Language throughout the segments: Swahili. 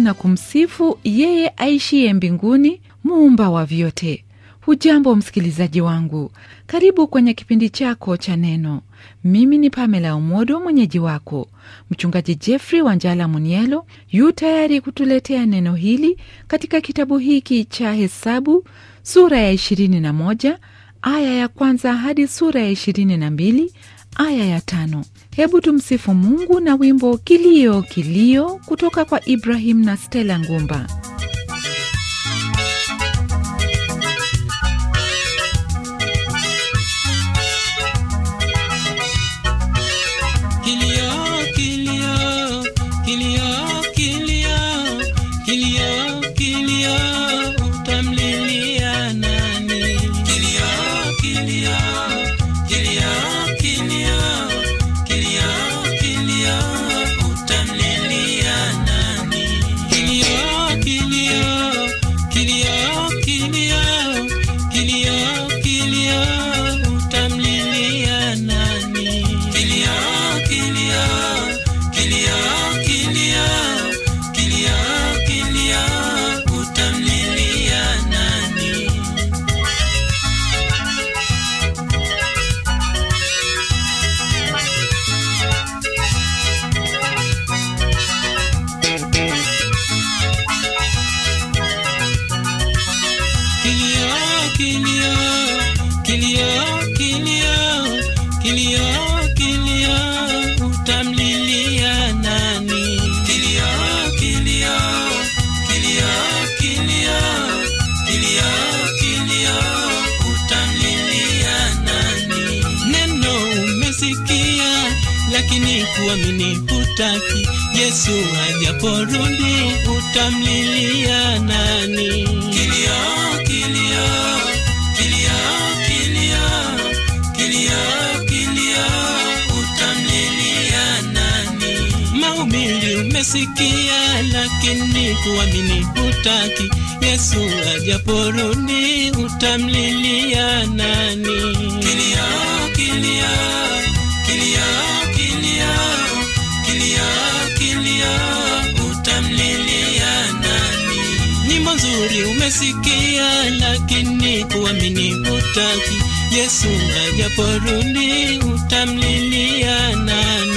na kumsifu yeye aishiye mbinguni, muumba wa vyote. Hujambo msikilizaji wangu, karibu kwenye kipindi chako cha Neno. Mimi ni Pamela umodo mwenyeji wako. Mchungaji Jeffrey Wanjala Munielo yu tayari kutuletea neno hili katika kitabu hiki cha Hesabu sura ya 21 aya ya kwanza hadi sura ya 22 aya ya tano. Hebu tumsifu Mungu na wimbo Kilio Kilio kutoka kwa Ibrahim na Stella Ngumba. uaminifu taki Yesu ajaporudi utamlilia nani? Kilio, kilio, kilio, kilio, kilio, kilio, utamlilia nani? Maumili umesikia, lakini kuamini hutaki. Yesu ajaporudi utamlilia nani? Kilio, kilio nimesikia, lakini kuamini hutaki. Yesu ajaporudi utamlilia nani?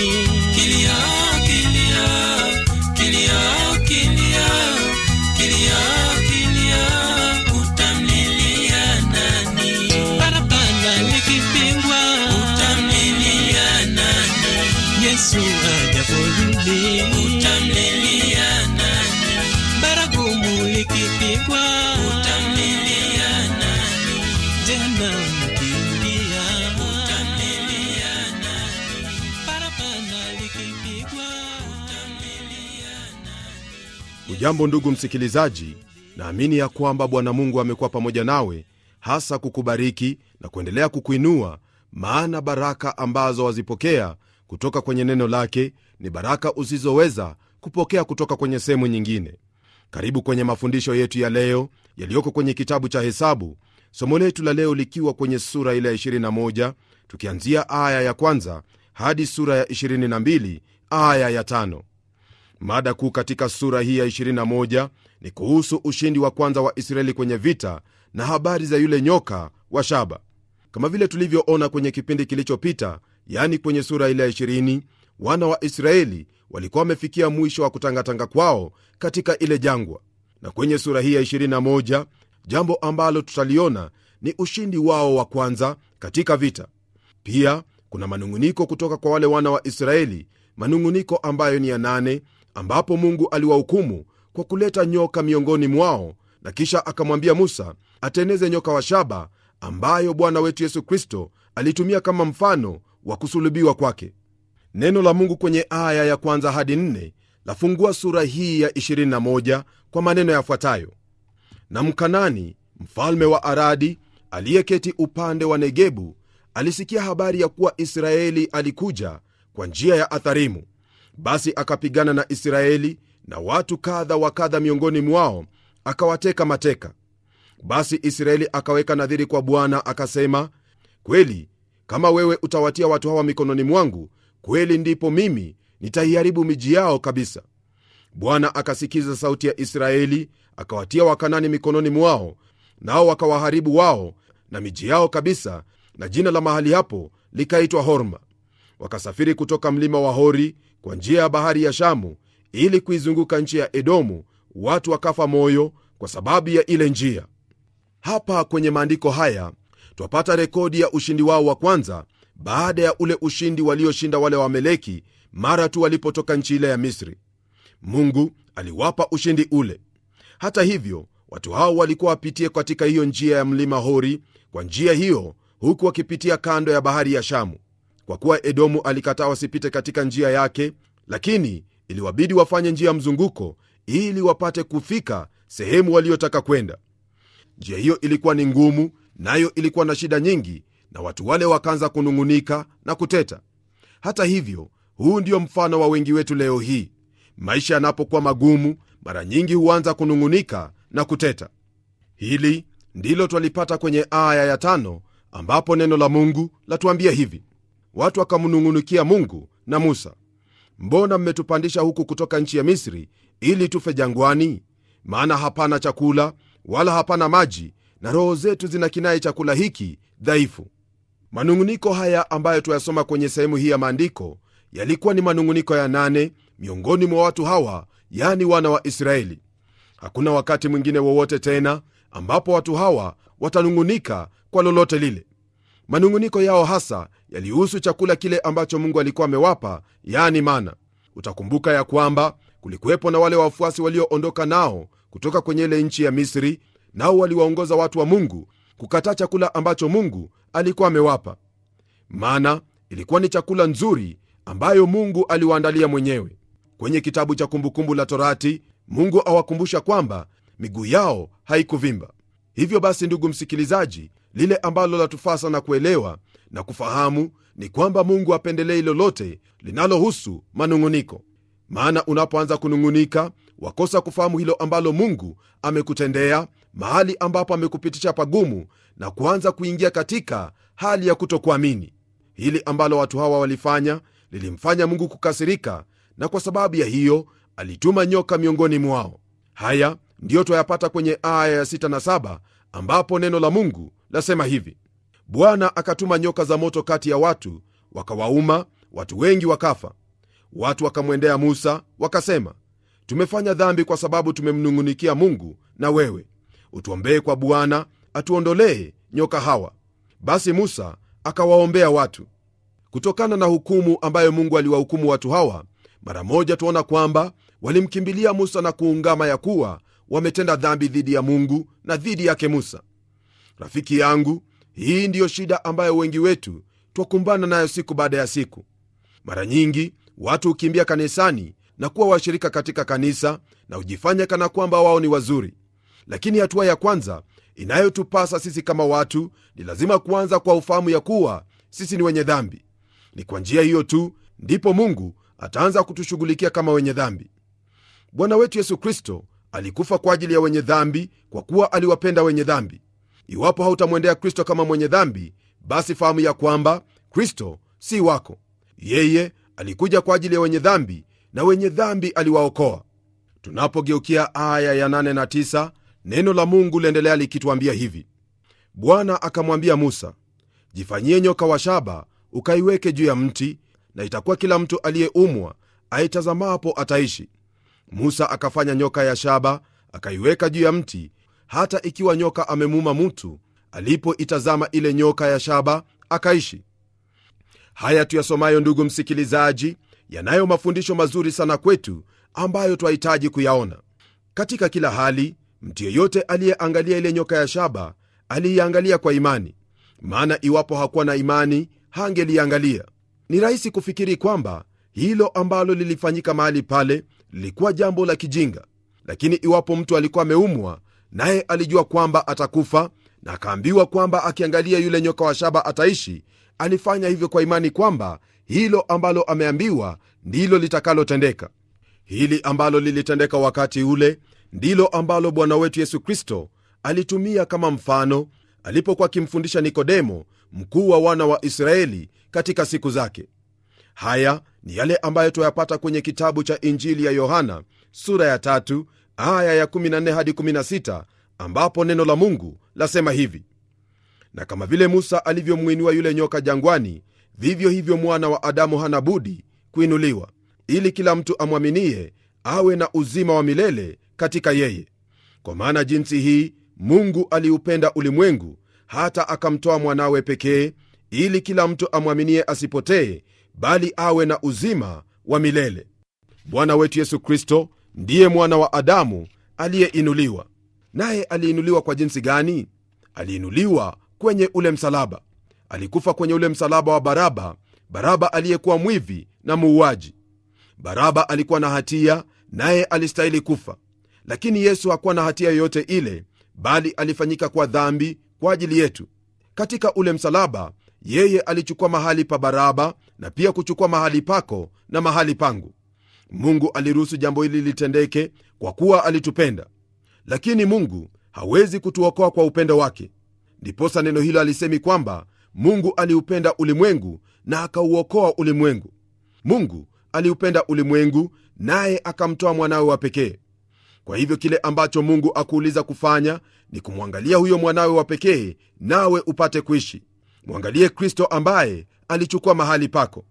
Ujambo ndugu msikilizaji, naamini ya kwamba Bwana Mungu amekuwa pamoja nawe, hasa kukubariki na kuendelea kukuinua, maana baraka ambazo wazipokea kutoka kwenye neno lake ni baraka usizoweza kupokea kutoka kwenye sehemu nyingine. Karibu kwenye mafundisho yetu ya leo yaliyoko kwenye kitabu cha Hesabu somo letu la leo likiwa kwenye sura ile ya 21 tukianzia aya ya kwanza hadi sura ya 22 aya ya tano. Mada kuu katika sura hii ya 21 ni kuhusu ushindi wa kwanza wa Israeli kwenye vita na habari za yule nyoka wa shaba. Kama vile tulivyoona kwenye kipindi kilichopita, yani kwenye sura ile ya 20, wana wa Israeli walikuwa wamefikia mwisho wa kutangatanga kwao katika ile jangwa, na kwenye sura hii ya 21 jambo ambalo tutaliona ni ushindi wao wa kwanza katika vita. Pia kuna manung'uniko kutoka kwa wale wana wa Israeli, manung'uniko ambayo ni ya nane, ambapo Mungu aliwahukumu kwa kuleta nyoka miongoni mwao, na kisha akamwambia Musa ateneze nyoka wa shaba ambayo Bwana wetu Yesu Kristo alitumia kama mfano wa kusulubiwa kwake. Neno la Mungu kwenye aya ya kwanza hadi nne lafungua sura hii ya 21 kwa maneno yafuatayo: na Mkanani mfalme wa Aradi aliyeketi upande wa Negebu alisikia habari ya kuwa Israeli alikuja kwa njia ya Atharimu, basi akapigana na Israeli na watu kadha wa kadha miongoni mwao akawateka mateka. Basi Israeli akaweka nadhiri kwa Bwana akasema, kweli kama wewe utawatia watu hawa mikononi mwangu, kweli ndipo mimi nitaiharibu miji yao kabisa bwana akasikiza sauti ya israeli akawatia wakanani mikononi mwao nao wakawaharibu wao na miji yao kabisa na jina la mahali hapo likaitwa horma wakasafiri kutoka mlima wa hori kwa njia ya bahari ya shamu ili kuizunguka nchi ya edomu watu wakafa moyo kwa sababu ya ile njia hapa kwenye maandiko haya twapata rekodi ya ushindi wao wa kwanza baada ya ule ushindi walioshinda wale wameleki mara tu walipotoka nchi ile ya misri mungu aliwapa ushindi ule hata hivyo watu hao walikuwa wapitie katika hiyo njia ya mlima hori kwa njia hiyo huku wakipitia kando ya bahari ya shamu kwa kuwa edomu alikataa wasipite katika njia yake lakini iliwabidi wafanye njia ya mzunguko ili wapate kufika sehemu waliotaka kwenda njia hiyo ilikuwa ni ngumu nayo ilikuwa na shida nyingi na watu wale wakaanza kunung'unika na kuteta hata hivyo huu ndio mfano wa wengi wetu leo hii Maisha yanapokuwa magumu, mara nyingi huanza kunung'unika na kuteta. Hili ndilo twalipata kwenye aya ya tano, ambapo neno la Mungu latuambia hivi: watu wakamnung'unikia Mungu na Musa, mbona mmetupandisha huku kutoka nchi ya Misri ili tufe jangwani? Maana hapana chakula wala hapana maji, na roho zetu zina chakula hiki dhaifu. Manung'uniko haya ambayo tuyasoma kwenye sehemu hii ya maandiko yalikuwa ni manung'uniko ya nane miongoni mwa watu hawa, yani wana wa Israeli. Hakuna wakati mwingine wowote tena ambapo watu hawa watanung'unika kwa lolote lile. Manung'uniko yao hasa yalihusu chakula kile ambacho Mungu alikuwa amewapa, yani mana. Utakumbuka ya kwamba kulikuwepo na wale wafuasi walioondoka nao kutoka kwenye ile nchi ya Misri, nao waliwaongoza watu wa Mungu kukataa chakula ambacho Mungu alikuwa amewapa. Mana ilikuwa ni chakula nzuri ambayo Mungu aliwaandalia mwenyewe. Kwenye kitabu cha kumbukumbu la Torati, Mungu awakumbusha kwamba miguu yao haikuvimba. Hivyo basi, ndugu msikilizaji, lile ambalo latufaa sana kuelewa na kufahamu ni kwamba Mungu apendelei lolote linalohusu manung'uniko, maana unapoanza kunung'unika, wakosa kufahamu hilo ambalo Mungu amekutendea, mahali ambapo amekupitisha pagumu, na kuanza kuingia katika hali ya kutokuamini. Hili ambalo watu hawa walifanya lilimfanya Mungu kukasirika na kwa sababu ya hiyo alituma nyoka miongoni mwao. Haya ndiyo twayapata kwenye aya ya 6 na 7, ambapo neno la Mungu lasema hivi: Bwana akatuma nyoka za moto kati ya watu, wakawauma watu wengi wakafa. Watu wakamwendea Musa wakasema, tumefanya dhambi kwa sababu tumemnung'unikia Mungu na wewe, utuombee kwa Bwana atuondolee nyoka hawa. Basi Musa akawaombea watu. Kutokana na hukumu ambayo Mungu aliwahukumu watu hawa, mara moja tuona kwamba walimkimbilia musa na kuungama ya kuwa wametenda dhambi dhidi ya mungu na dhidi yake musa rafiki yangu hii ndiyo shida ambayo wengi wetu twakumbana nayo siku baada ya siku mara nyingi watu hukimbia kanisani na kuwa washirika katika kanisa na hujifanya kana kwamba wao ni wazuri lakini hatua ya kwanza inayotupasa sisi kama watu ni lazima kuanza kwa ufahamu ya kuwa sisi ni wenye dhambi ni kwa njia hiyo tu ndipo mungu ataanza kutushughulikia kama wenye dhambi. Bwana wetu Yesu Kristo alikufa kwa ajili ya wenye dhambi, kwa kuwa aliwapenda wenye dhambi. Iwapo hautamwendea Kristo kama mwenye dhambi, basi fahamu ya kwamba Kristo si wako. Yeye alikuja kwa ajili ya wenye dhambi, na wenye dhambi aliwaokoa. Tunapogeukia aya ya 8 na 9, neno la Mungu liendelea likituambia hivi: Bwana akamwambia Musa, jifanyie nyoka wa shaba, ukaiweke juu ya mti, na itakuwa kila mtu aliyeumwa aitazamapo ataishi. Musa akafanya nyoka ya shaba akaiweka juu ya mti, hata ikiwa nyoka amemuma mtu, alipoitazama ile nyoka ya shaba akaishi. Haya tuyasomayo, ndugu msikilizaji, yanayo mafundisho mazuri sana kwetu ambayo twahitaji kuyaona katika kila hali. Mtu yeyote aliyeangalia ile nyoka ya shaba aliiangalia kwa imani, maana iwapo hakuwa na imani hangeliangalia. Ni rahisi kufikiri kwamba hilo ambalo lilifanyika mahali pale lilikuwa jambo la kijinga, lakini iwapo mtu alikuwa ameumwa naye alijua kwamba atakufa na akaambiwa kwamba akiangalia yule nyoka wa shaba ataishi, alifanya hivyo kwa imani kwamba hilo ambalo ameambiwa ndilo litakalotendeka. Hili ambalo lilitendeka wakati ule ndilo ambalo Bwana wetu Yesu Kristo alitumia kama mfano alipokuwa akimfundisha Nikodemo, mkuu wa wana wa Israeli, katika siku zake haya ni yale ambayo twayapata kwenye kitabu cha injili ya yohana sura ya tatu aya ya 14 hadi 16 ambapo neno la mungu lasema hivi na kama vile musa alivyomwinua yule nyoka jangwani vivyo hivyo mwana wa adamu hana budi kuinuliwa ili kila mtu amwaminie awe na uzima wa milele katika yeye kwa maana jinsi hii mungu aliupenda ulimwengu hata akamtoa mwanawe pekee ili kila mtu amwaminie asipotee, bali awe na uzima wa milele. Bwana wetu Yesu Kristo ndiye mwana wa Adamu aliyeinuliwa. Naye aliinuliwa kwa jinsi gani? Aliinuliwa kwenye ule msalaba, alikufa kwenye ule msalaba wa Baraba. Baraba aliyekuwa mwivi na muuaji. Baraba alikuwa na hatia, naye alistahili kufa, lakini Yesu hakuwa na hatia yoyote ile, bali alifanyika kwa dhambi kwa ajili yetu. Katika ule msalaba yeye alichukua mahali pa Baraba na pia kuchukua mahali pako na mahali pangu. Mungu aliruhusu jambo hili litendeke kwa kuwa alitupenda, lakini Mungu hawezi kutuokoa kwa upendo wake. Ndiposa neno hilo alisemi kwamba Mungu aliupenda ulimwengu na akauokoa ulimwengu. Mungu aliupenda ulimwengu naye akamtoa mwanawe wa pekee. Kwa hivyo kile ambacho Mungu akuuliza kufanya ni kumwangalia huyo mwanawe wa pekee, nawe upate kuishi mwangalie kristo ambaye alichukua mahali pako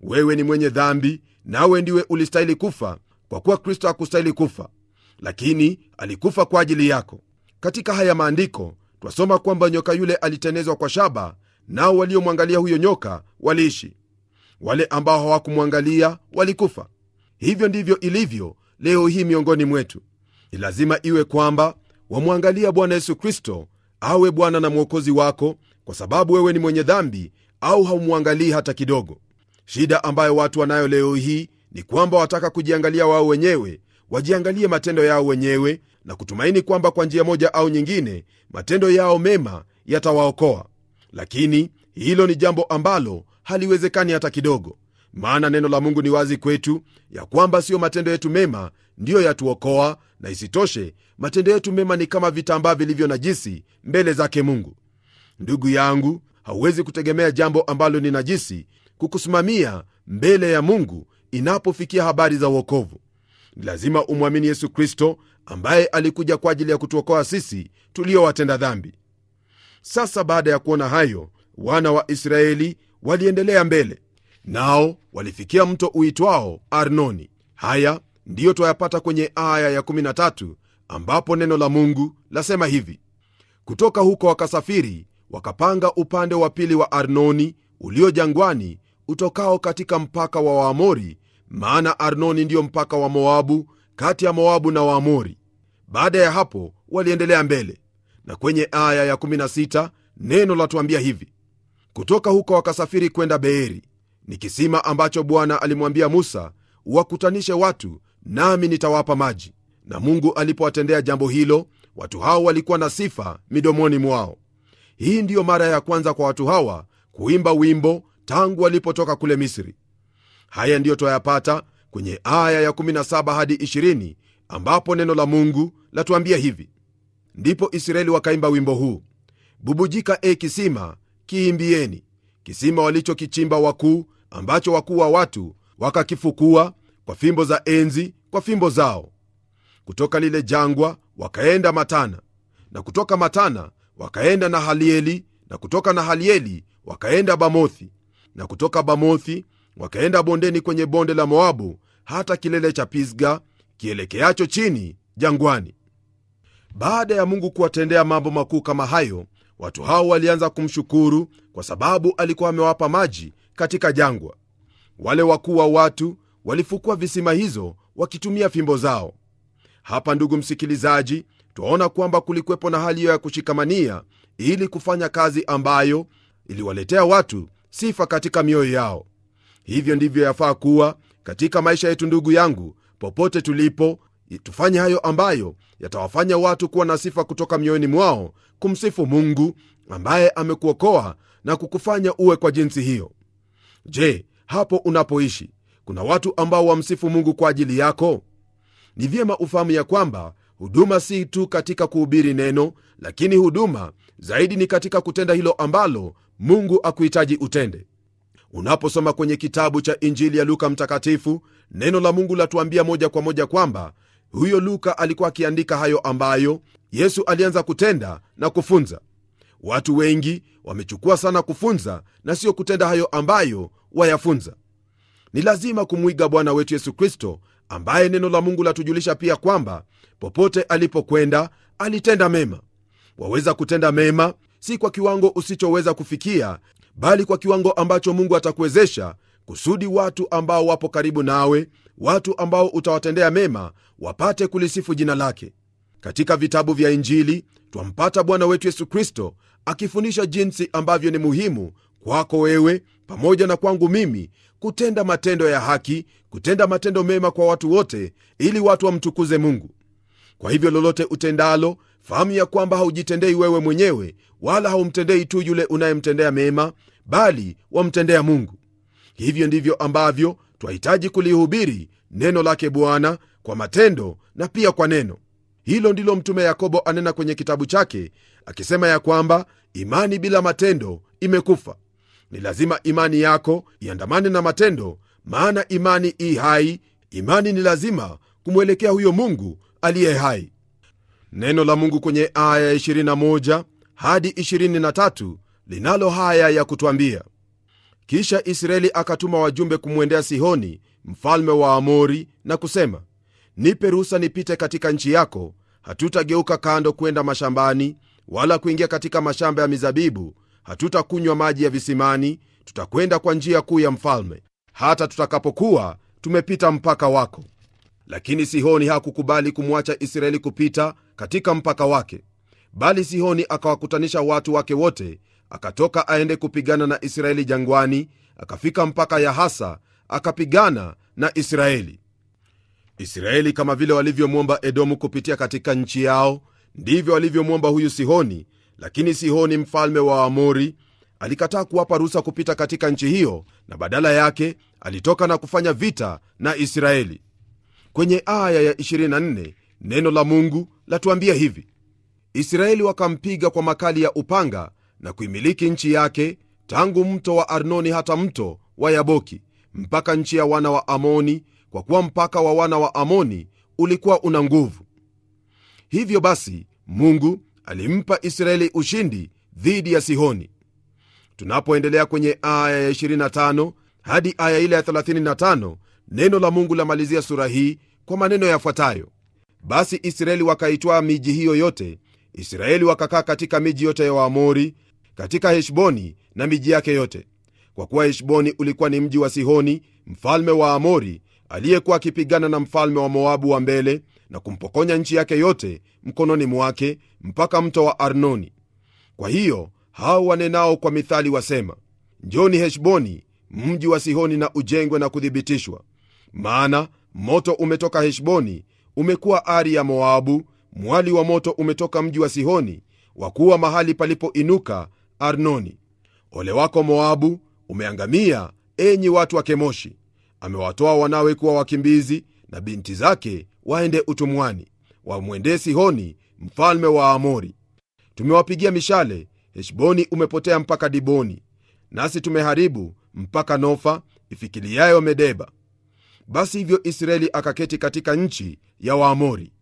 wewe ni mwenye dhambi nawe ndiwe ulistahili kufa kwa kuwa kristo hakustahili kufa lakini alikufa kwa ajili yako katika haya maandiko twasoma kwamba nyoka yule alitenezwa kwa shaba nao waliomwangalia huyo nyoka waliishi wale ambao hawakumwangalia walikufa hivyo ndivyo ilivyo leo hii miongoni mwetu ni lazima iwe kwamba wamwangalia bwana yesu kristo awe bwana na mwokozi wako kwa sababu wewe ni mwenye dhambi au haumwangalii hata kidogo. Shida ambayo watu wanayo leo hii ni kwamba wataka kujiangalia wao wenyewe, wajiangalie matendo yao wenyewe na kutumaini kwamba kwa njia moja au nyingine matendo yao mema yatawaokoa, lakini hilo ni jambo ambalo haliwezekani hata kidogo, maana neno la Mungu ni wazi kwetu ya kwamba siyo matendo yetu mema ndiyo yatuokoa, na isitoshe matendo yetu mema ni kama vitambaa vilivyo najisi mbele zake Mungu ndugu yangu hauwezi kutegemea jambo ambalo ni najisi kukusimamia mbele ya mungu inapofikia habari za uokovu ni lazima umwamini yesu kristo ambaye alikuja kwa ajili ya kutuokoa sisi tuliowatenda dhambi sasa baada ya kuona hayo wana wa israeli waliendelea mbele nao walifikia mto uitwao arnoni haya ndiyo twayapata kwenye aya ya13 ambapo neno la mungu lasema hivi kutoka huko wakasafiri wakapanga upande wa pili wa Arnoni ulio jangwani utokao katika mpaka wa Waamori, maana Arnoni ndiyo mpaka wa Moabu, kati ya Moabu na Waamori. Baada ya hapo waliendelea mbele, na kwenye aya ya 16 neno latuambia hivi: kutoka huko wakasafiri kwenda Beeri, ni kisima ambacho Bwana alimwambia Musa, wakutanishe watu nami nitawapa maji. Na Mungu alipowatendea jambo hilo, watu hao walikuwa na sifa midomoni mwao. Hii ndiyo mara ya kwanza kwa watu hawa kuimba wimbo tangu walipotoka kule Misri. Haya ndiyo twayapata kwenye aya ya 17 hadi 20, ambapo neno la Mungu latuambia hivi: ndipo Israeli wakaimba wimbo huu, bubujika e kisima, kiimbieni kisima walichokichimba wakuu, ambacho wakuu wa watu wakakifukua kwa fimbo za enzi, kwa fimbo zao. Kutoka lile jangwa wakaenda Matana, na kutoka Matana wakaenda Nahalieli, na kutoka Nahalieli wakaenda Bamothi, na kutoka Bamothi wakaenda bondeni kwenye bonde la Moabu hata kilele cha Pisga kielekeacho chini jangwani. Baada ya Mungu kuwatendea mambo makuu kama hayo, watu hao walianza kumshukuru kwa sababu alikuwa amewapa maji katika jangwa. Wale wakuu wa watu walifukua visima hizo wakitumia fimbo zao. Hapa ndugu msikilizaji, twaona kwamba kulikuwepo na hali hiyo ya kushikamania ili kufanya kazi ambayo iliwaletea watu sifa katika mioyo yao. Hivyo ndivyo yafaa kuwa katika maisha yetu, ndugu yangu, popote tulipo, tufanye hayo ambayo yatawafanya watu kuwa na sifa kutoka mioyoni mwao kumsifu Mungu ambaye amekuokoa na kukufanya uwe kwa jinsi hiyo. Je, hapo unapoishi kuna watu ambao wamsifu Mungu kwa ajili yako? Ni vyema ufahamu ya kwamba huduma si tu katika kuhubiri neno lakini huduma zaidi ni katika kutenda hilo ambalo mungu akuhitaji utende unaposoma kwenye kitabu cha injili ya luka mtakatifu neno la mungu latuambia moja kwa moja kwamba huyo luka alikuwa akiandika hayo ambayo yesu alianza kutenda na kufunza watu wengi wamechukua sana kufunza na siyo kutenda hayo ambayo wayafunza ni lazima kumwiga bwana wetu yesu kristo ambaye neno la Mungu latujulisha pia kwamba popote alipokwenda alitenda mema. Waweza kutenda mema si kwa kiwango usichoweza kufikia, bali kwa kiwango ambacho Mungu atakuwezesha kusudi watu ambao wapo karibu nawe, watu ambao utawatendea mema, wapate kulisifu jina lake. Katika vitabu vya Injili twampata Bwana wetu Yesu Kristo akifundisha jinsi ambavyo ni muhimu kwako wewe pamoja na kwangu mimi kutenda matendo ya haki kutenda matendo mema kwa watu wote, ili watu wamtukuze Mungu. Kwa hivyo lolote utendalo, fahamu ya kwamba haujitendei wewe mwenyewe, wala haumtendei tu yule unayemtendea mema, bali wamtendea Mungu. Hivyo ndivyo ambavyo twahitaji kulihubiri neno lake Bwana kwa matendo na pia kwa neno. Hilo ndilo Mtume Yakobo anena kwenye kitabu chake akisema ya kwamba imani bila matendo imekufa. Ni lazima imani yako iandamane na matendo maana imani i hai imani ni lazima kumwelekea huyo mungu aliye hai neno la mungu kwenye aya 21 hadi 23 linalo haya ya kutwambia kisha israeli akatuma wajumbe kumwendea sihoni mfalme wa amori na kusema nipe ruhusa nipite katika nchi yako hatutageuka kando kwenda mashambani wala kuingia katika mashamba ya mizabibu hatutakunywa maji ya visimani tutakwenda kwa njia kuu ya mfalme hata tutakapokuwa tumepita mpaka wako. Lakini Sihoni hakukubali kumwacha Israeli kupita katika mpaka wake, bali Sihoni akawakutanisha watu wake wote, akatoka aende kupigana na Israeli jangwani, akafika mpaka Yahasa akapigana na Israeli. Israeli kama vile walivyomwomba Edomu kupitia katika nchi yao, ndivyo walivyomwomba huyu Sihoni, lakini Sihoni mfalme wa Amori alikataa kuwapa ruhusa kupita katika nchi hiyo na badala yake alitoka na kufanya vita na israeli kwenye aya ya 24 neno la mungu latuambia hivi israeli wakampiga kwa makali ya upanga na kuimiliki nchi yake tangu mto wa arnoni hata mto wa yaboki mpaka nchi ya wana wa amoni kwa kuwa mpaka wa wana wa amoni ulikuwa una nguvu hivyo basi mungu alimpa israeli ushindi dhidi ya sihoni tunapoendelea kwenye aya ya 25 hadi aya ile ya 35 neno la mungu lamalizia sura hii kwa maneno yafuatayo basi israeli wakaitwaa miji hiyo yote israeli wakakaa katika miji yote ya waamori katika heshboni na miji yake yote kwa kuwa heshboni ulikuwa ni mji wa sihoni mfalme wa amori aliyekuwa akipigana na mfalme wa moabu wa mbele na kumpokonya nchi yake yote mkononi mwake mpaka mto wa arnoni kwa hiyo hao wanenao kwa mithali wasema njoni heshboni mji wa sihoni na ujengwe na kuthibitishwa maana moto umetoka heshboni umekuwa ari ya moabu mwali wa moto umetoka mji wa sihoni wa kuwa mahali palipoinuka arnoni ole wako moabu umeangamia enyi watu wa kemoshi amewatoa wanawe kuwa wakimbizi na binti zake waende utumwani wamwendee sihoni mfalme wa amori tumewapigia mishale Heshboni umepotea mpaka Diboni, nasi tumeharibu mpaka Nofa ifikiliyayo Medeba. Basi hivyo Israeli akaketi katika nchi ya Waamori.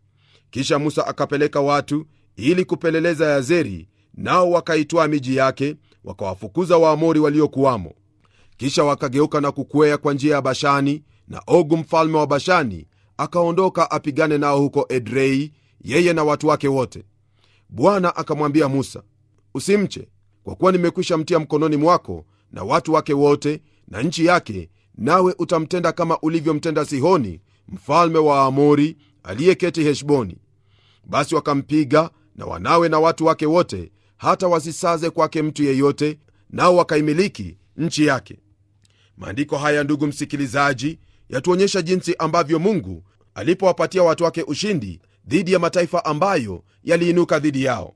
Kisha Musa akapeleka watu ili kupeleleza Yazeri, nao wakaitwaa miji yake, wakawafukuza Waamori waliokuwamo. Kisha wakageuka na kukwea kwa njia ya Bashani, na Ogu mfalme wa Bashani akaondoka apigane nao huko Edrei, yeye na watu wake wote. Bwana akamwambia Musa, Usimche, kwa kuwa nimekwisha mtia mkononi mwako na watu wake wote na nchi yake, nawe utamtenda kama ulivyomtenda Sihoni mfalme wa amori aliyeketi Heshboni. Basi wakampiga na wanawe na watu wake wote, hata wasisaze kwake mtu yeyote, nao wakaimiliki nchi yake. Maandiko haya, ndugu msikilizaji, yatuonyesha jinsi ambavyo Mungu alipowapatia watu wake ushindi dhidi ya mataifa ambayo yaliinuka dhidi yao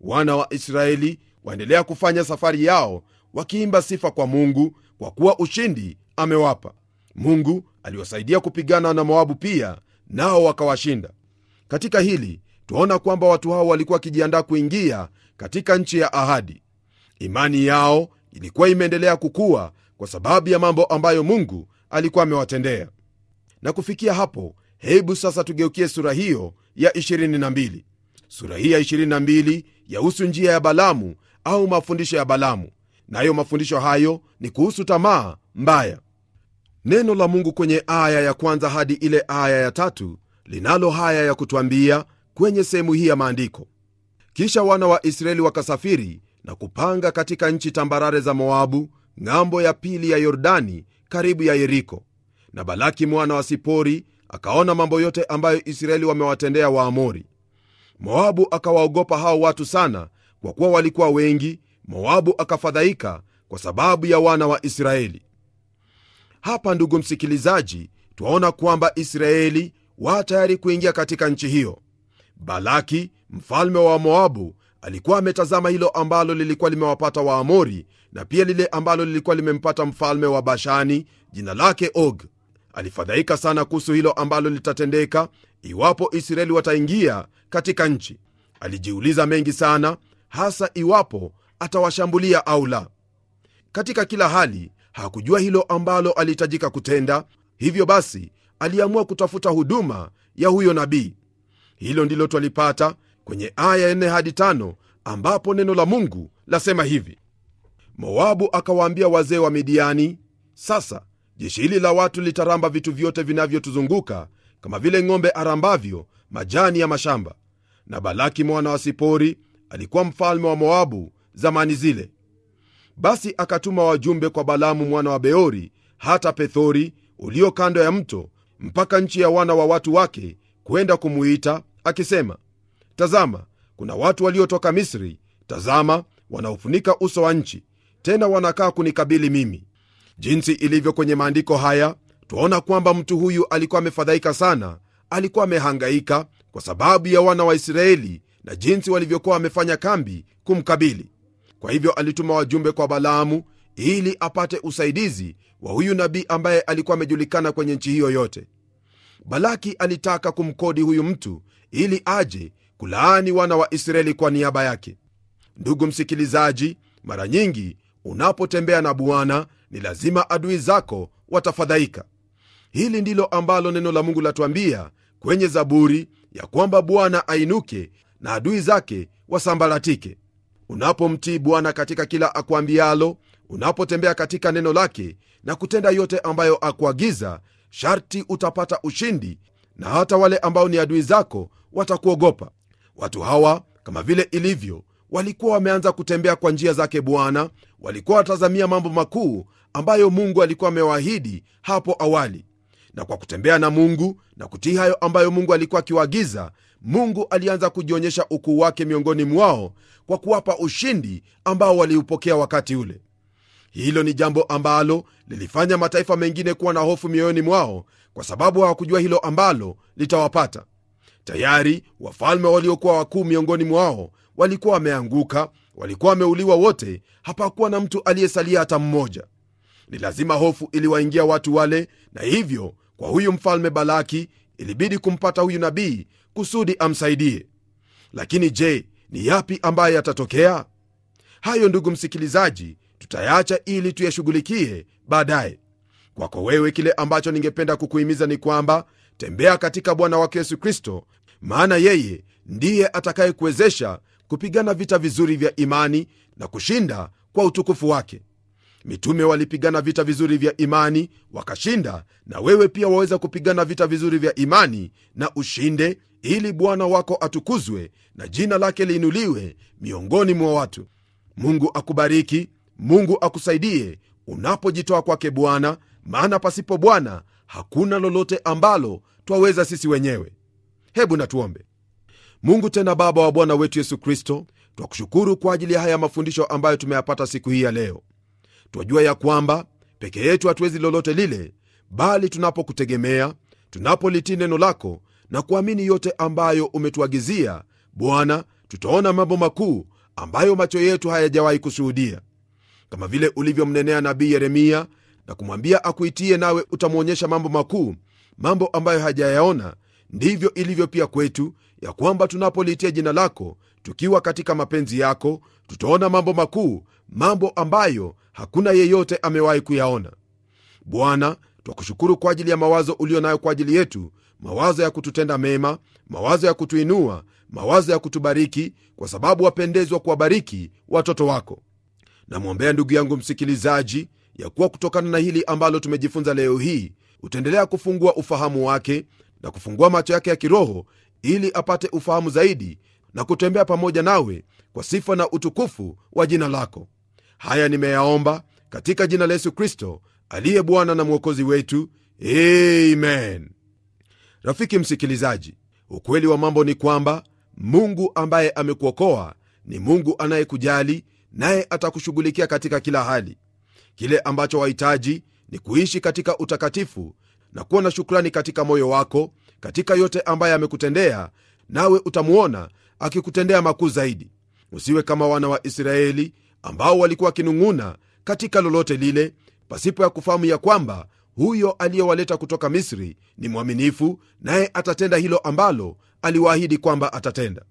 wana wa israeli waendelea kufanya safari yao wakiimba sifa kwa mungu kwa kuwa ushindi amewapa mungu aliwasaidia kupigana na moabu pia nao wakawashinda katika hili twaona kwamba watu hao walikuwa wakijiandaa kuingia katika nchi ya ahadi imani yao ilikuwa imeendelea kukua kwa sababu ya mambo ambayo mungu alikuwa amewatendea na kufikia hapo hebu sasa tugeukie sura hiyo ya 22 sura hii ya 22 yahusu njia ya balamu au mafundisho ya balamu nayo na mafundisho hayo ni kuhusu tamaa mbaya neno la mungu kwenye aya ya kwanza hadi ile aya ya tatu linalo haya ya kutwambia kwenye sehemu hii ya maandiko kisha wana wa israeli wakasafiri na kupanga katika nchi tambarare za moabu ng'ambo ya pili ya yordani karibu ya yeriko na balaki mwana wa sipori akaona mambo yote ambayo israeli wamewatendea waamori Moabu akawaogopa hao watu sana, kwa kuwa walikuwa wengi. Moabu akafadhaika kwa sababu ya wana wa Israeli. Hapa ndugu msikilizaji, twaona kwamba Israeli wa tayari kuingia katika nchi hiyo. Balaki mfalme wa Moabu alikuwa ametazama hilo ambalo lilikuwa limewapata Waamori na pia lile ambalo lilikuwa limempata mfalme wa Bashani jina lake Og. Alifadhaika sana kuhusu hilo ambalo litatendeka iwapo Israeli wataingia katika nchi. Alijiuliza mengi sana, hasa iwapo atawashambulia au la. Katika kila hali hakujua hilo ambalo alihitajika kutenda, hivyo basi aliamua kutafuta huduma ya huyo nabii. Hilo ndilo twalipata kwenye aya ya hadi tano ambapo neno la Mungu lasema hivi: Moabu akawaambia wazee wa Midiani, sasa jeshi hili la watu litaramba vitu vyote vinavyotuzunguka kama vile ng'ombe arambavyo majani ya mashamba. Na Balaki mwana wa Sipori alikuwa mfalme wa Moabu zamani zile. Basi akatuma wajumbe kwa Balamu mwana wa Beori hata Pethori ulio kando ya mto mpaka nchi ya wana wa watu wake, kwenda kumuita akisema, tazama kuna watu waliotoka Misri, tazama wanaofunika uso wa nchi, tena wanakaa kunikabili mimi. Jinsi ilivyo kwenye maandiko haya, twaona kwamba mtu huyu alikuwa amefadhaika sana, alikuwa amehangaika kwa sababu ya wana wa Israeli na jinsi walivyokuwa wamefanya kambi kumkabili. Kwa hivyo alituma wajumbe kwa Balaamu ili apate usaidizi wa huyu nabii ambaye alikuwa amejulikana kwenye nchi hiyo yote. Balaki alitaka kumkodi huyu mtu ili aje kulaani wana wa Israeli kwa niaba yake. Ndugu msikilizaji, mara nyingi unapotembea na Bwana ni lazima adui zako watafadhaika. Hili ndilo ambalo neno la Mungu latuambia kwenye Zaburi ya kwamba Bwana ainuke na adui zake wasambaratike. Unapomtii Bwana katika kila akwambialo unapotembea katika neno lake na kutenda yote ambayo akuagiza, sharti utapata ushindi, na hata wale ambao ni adui zako watakuogopa. Watu hawa kama vile ilivyo, walikuwa wameanza kutembea kwa njia zake Bwana, walikuwa watazamia mambo makuu ambayo Mungu alikuwa amewaahidi hapo awali na kwa kutembea na mungu na kutii hayo ambayo mungu alikuwa akiwaagiza mungu alianza kujionyesha ukuu wake miongoni mwao kwa kuwapa ushindi ambao waliupokea wakati ule hilo ni jambo ambalo lilifanya mataifa mengine kuwa na hofu mioyoni mwao kwa sababu hawakujua hilo ambalo litawapata tayari wafalme waliokuwa wakuu miongoni mwao walikuwa wameanguka walikuwa wameuliwa wote hapakuwa na mtu aliyesalia hata mmoja ni lazima hofu iliwaingia watu wale, na hivyo kwa huyu mfalme Balaki ilibidi kumpata huyu nabii kusudi amsaidie. Lakini je, ni yapi ambaye yatatokea? Hayo ndugu msikilizaji, tutayaacha ili tuyashughulikie baadaye. Kwako wewe, kile ambacho ningependa kukuhimiza ni kwamba tembea katika Bwana wako Yesu Kristo, maana yeye ndiye atakayekuwezesha kupigana vita vizuri vya imani na kushinda kwa utukufu wake mitume walipigana vita vizuri vya imani wakashinda na wewe pia waweza kupigana vita vizuri vya imani na ushinde ili bwana wako atukuzwe na jina lake liinuliwe miongoni mwa watu mungu akubariki mungu akusaidie unapojitoa kwake bwana maana pasipo bwana hakuna lolote ambalo twaweza sisi wenyewe hebu natuombe mungu tena baba wa bwana wetu yesu kristo twakushukuru kwa ajili ya haya mafundisho ambayo tumeyapata siku hii ya leo twajua ya kwamba peke yetu hatuwezi lolote lile, bali tunapokutegemea, tunapolitii neno lako na kuamini yote ambayo umetuagizia Bwana, tutaona mambo makuu ambayo macho yetu hayajawahi kushuhudia, kama vile ulivyomnenea nabii Yeremia na kumwambia akuitie, nawe utamwonyesha mambo makuu, mambo ambayo hajayaona. Ndivyo ilivyo pia kwetu, ya kwamba tunapolitia jina lako, tukiwa katika mapenzi yako, tutaona mambo makuu, mambo ambayo hakuna yeyote amewahi kuyaona. Bwana, twakushukuru kwa ajili ya mawazo uliyo nayo kwa ajili yetu, mawazo ya kututenda mema, mawazo ya kutuinua, mawazo ya kutubariki, kwa sababu wapendezwa kuwabariki watoto wako. Namwombea ndugu yangu msikilizaji, ya kuwa kutokana na hili ambalo tumejifunza leo hii, utaendelea kufungua ufahamu wake na kufungua macho yake ya kiroho, ili apate ufahamu zaidi na kutembea pamoja nawe kwa sifa na utukufu wa jina lako haya nimeyaomba katika jina la yesu kristo aliye bwana na mwokozi wetu amen rafiki msikilizaji ukweli wa mambo ni kwamba mungu ambaye amekuokoa ni mungu anayekujali naye atakushughulikia katika kila hali kile ambacho wahitaji ni kuishi katika utakatifu na kuwa na shukrani katika moyo wako katika yote ambaye amekutendea nawe utamwona akikutendea makuu zaidi usiwe kama wana wa israeli ambao walikuwa wakinung'una katika lolote lile pasipo ya kufahamu ya kwamba huyo aliyewaleta kutoka misri ni mwaminifu naye atatenda hilo ambalo aliwaahidi kwamba atatenda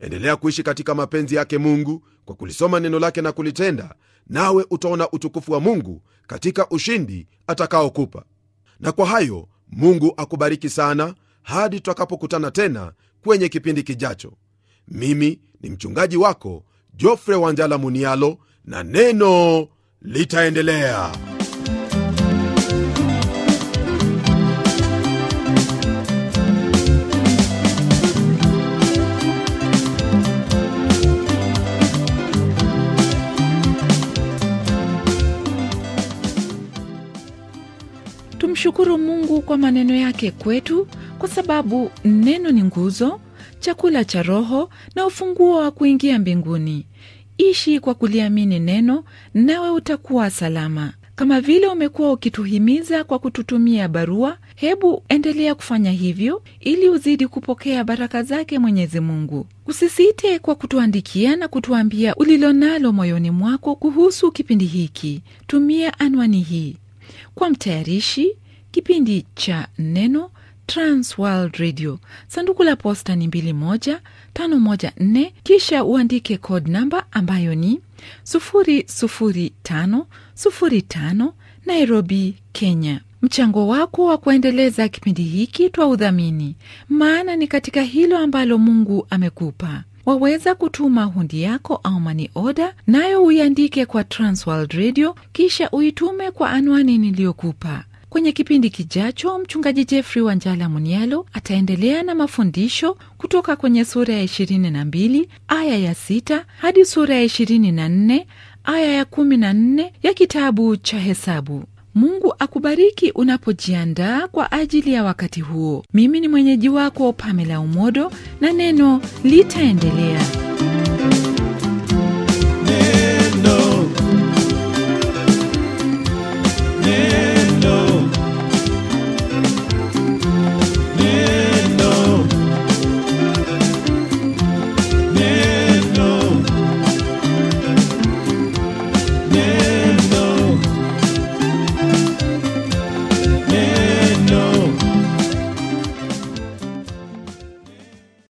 endelea kuishi katika mapenzi yake mungu kwa kulisoma neno lake na kulitenda nawe utaona utukufu wa mungu katika ushindi atakaokupa na kwa hayo mungu akubariki sana hadi tutakapokutana tena kwenye kipindi kijacho mimi ni mchungaji wako Jofre Wanjala Munialo, na neno litaendelea. Tumshukuru Mungu kwa maneno yake kwetu, kwa sababu neno ni nguzo chakula cha Roho na ufunguo wa kuingia mbinguni. Ishi kwa kuliamini neno, nawe utakuwa salama. Kama vile umekuwa ukituhimiza kwa kututumia barua, hebu endelea kufanya hivyo ili uzidi kupokea baraka zake Mwenyezi Mungu. Usisite kwa kutuandikia na kutuambia ulilonalo moyoni mwako kuhusu kipindi hiki. Tumia anwani hii kwa mtayarishi kipindi cha Neno, transworld Radio, sanduku la posta ni 21514, kisha uandike code namba ambayo ni 00505 Nairobi, Kenya. Mchango wako wa kuendeleza kipindi hiki twa udhamini, maana ni katika hilo ambalo Mungu amekupa. Waweza kutuma hundi yako au mani oda, nayo uiandike kwa Transworld Radio, kisha uitume kwa anwani niliyokupa. Kwenye kipindi kijacho, mchungaji Jeffrey Wanjala Munialo ataendelea na mafundisho kutoka kwenye sura ya 22 aya ya 6 hadi sura ya 24 aya ya 14 ya kitabu cha Hesabu. Mungu akubariki unapojiandaa kwa ajili ya wakati huo. Mimi ni mwenyeji wako Pamela Umodo na neno litaendelea.